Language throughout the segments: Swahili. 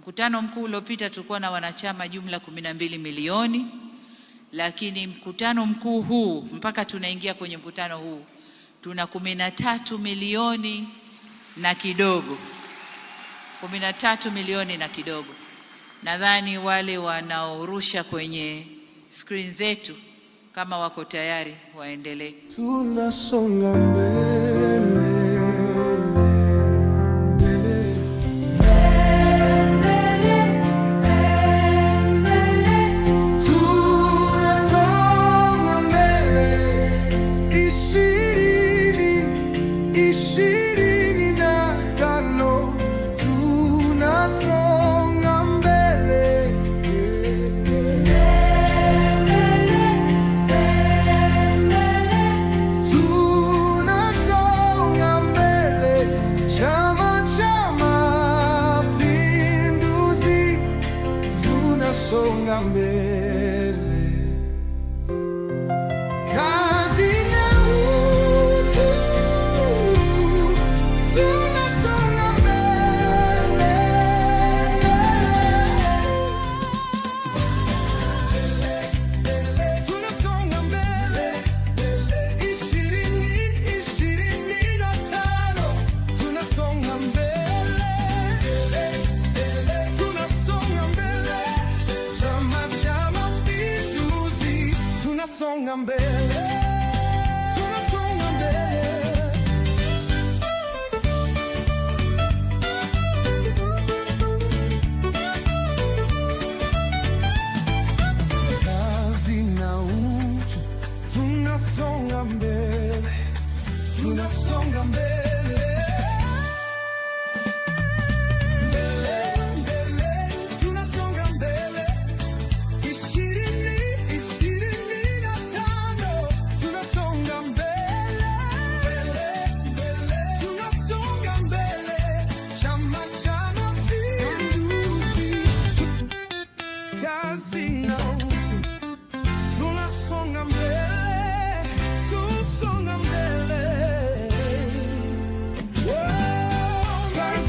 Mkutano mkuu uliopita tulikuwa na wanachama jumla kumi na mbili milioni, lakini mkutano mkuu huu mpaka tunaingia kwenye mkutano huu tuna kumi na tatu milioni na kidogo, kumi na tatu milioni na kidogo. Nadhani wale wanaorusha kwenye screen zetu kama wako tayari waendelee, tunasonga mbele. corazón gambe song I'm barely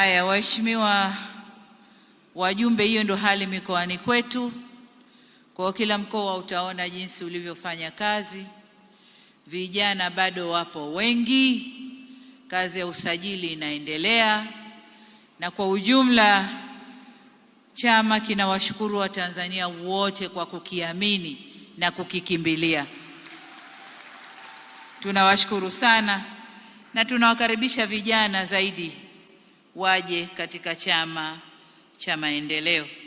Haya, waheshimiwa wajumbe, hiyo ndo hali mikoani kwetu. Kwa kila mkoa utaona jinsi ulivyofanya kazi. Vijana bado wapo wengi, kazi ya usajili inaendelea, na kwa ujumla chama kinawashukuru Watanzania wote kwa kukiamini na kukikimbilia. Tunawashukuru sana na tunawakaribisha vijana zaidi waje katika Chama cha Maendeleo.